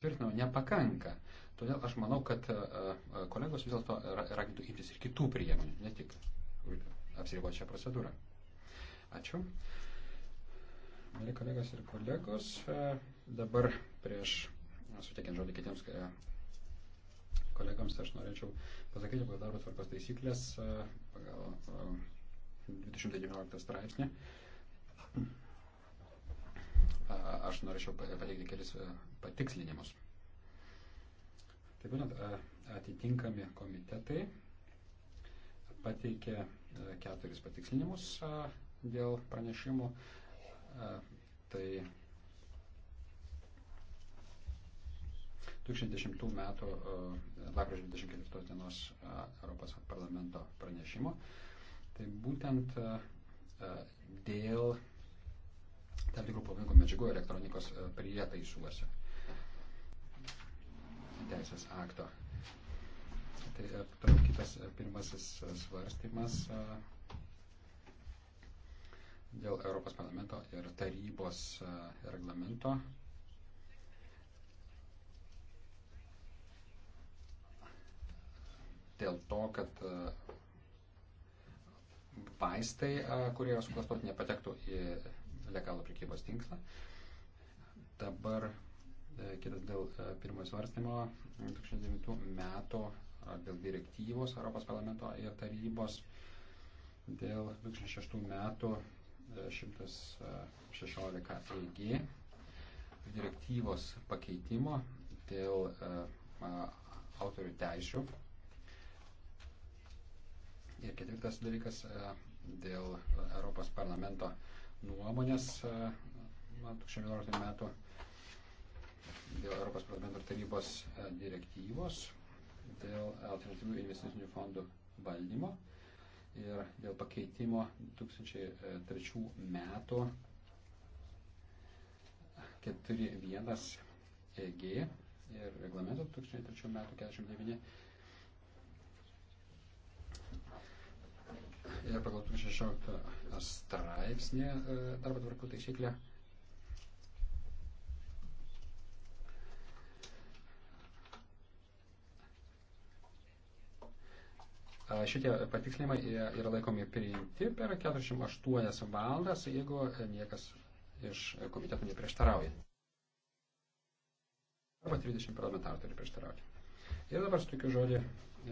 tvirtinau, nepakanka. Todėl aš manau, kad e, e, kolegos vis dėlto ragintų imtis ir kitų priemonių, ne tik apsiriboti šią procedūrą. Ačiū. Mėly kolegos ir kolegos, e, dabar prieš suteikiant žodį kitiems kolegams, aš norėčiau pasakyti, kad darbo tvarkos taisyklės pagal 219 straipsnį aš norėčiau pateikti kelis e, patikslinimus. Tai būtent e, atitinkami komitetai pateikė e, keturis patikslinimus dėl pranešimų. Tai 2010 m. lapkričio 24 dienos Europos parlamento pranešimo. Tai būtent dėl tam tikrų pavojingų medžiagų elektronikos e, prietaisuose teisės akto. Tai e, toliau kitas e, pirmasis svarstymas dėl Europos parlamento ir tarybos reglamento. Dėl to, kad vaistai, kurie yra suklastotinė, patektų į legalų prekybos tinklą. Dabar e, kitas dėl e, pirmojo svarstymo 2009 metų e, dėl direktyvos Europos parlamento ir tarybos dėl 2006 metų 116 EG direktyvos pakeitimo dėl autorių teisių. Ir ketvirtas dalykas dėl Europos parlamento nuomonės e, nuo 2011 metų dėl Europos parlamento tarybos e, direktyvos, dėl alternatyvių investicinių fondų valdymo ir dėl pakeitimo 2003 metų 41 EG ir reglamento 2003 metų 49 ir pagal 16 straipsnį e, darbo tvarkų taisyklę Šitie patikslimai yra laikomi priimti per 48 valandas, jeigu niekas iš komiteto neprieštarauja. Arba 30 parlamentarų turi prieštarauti. Ir dabar sutikiu žodį e,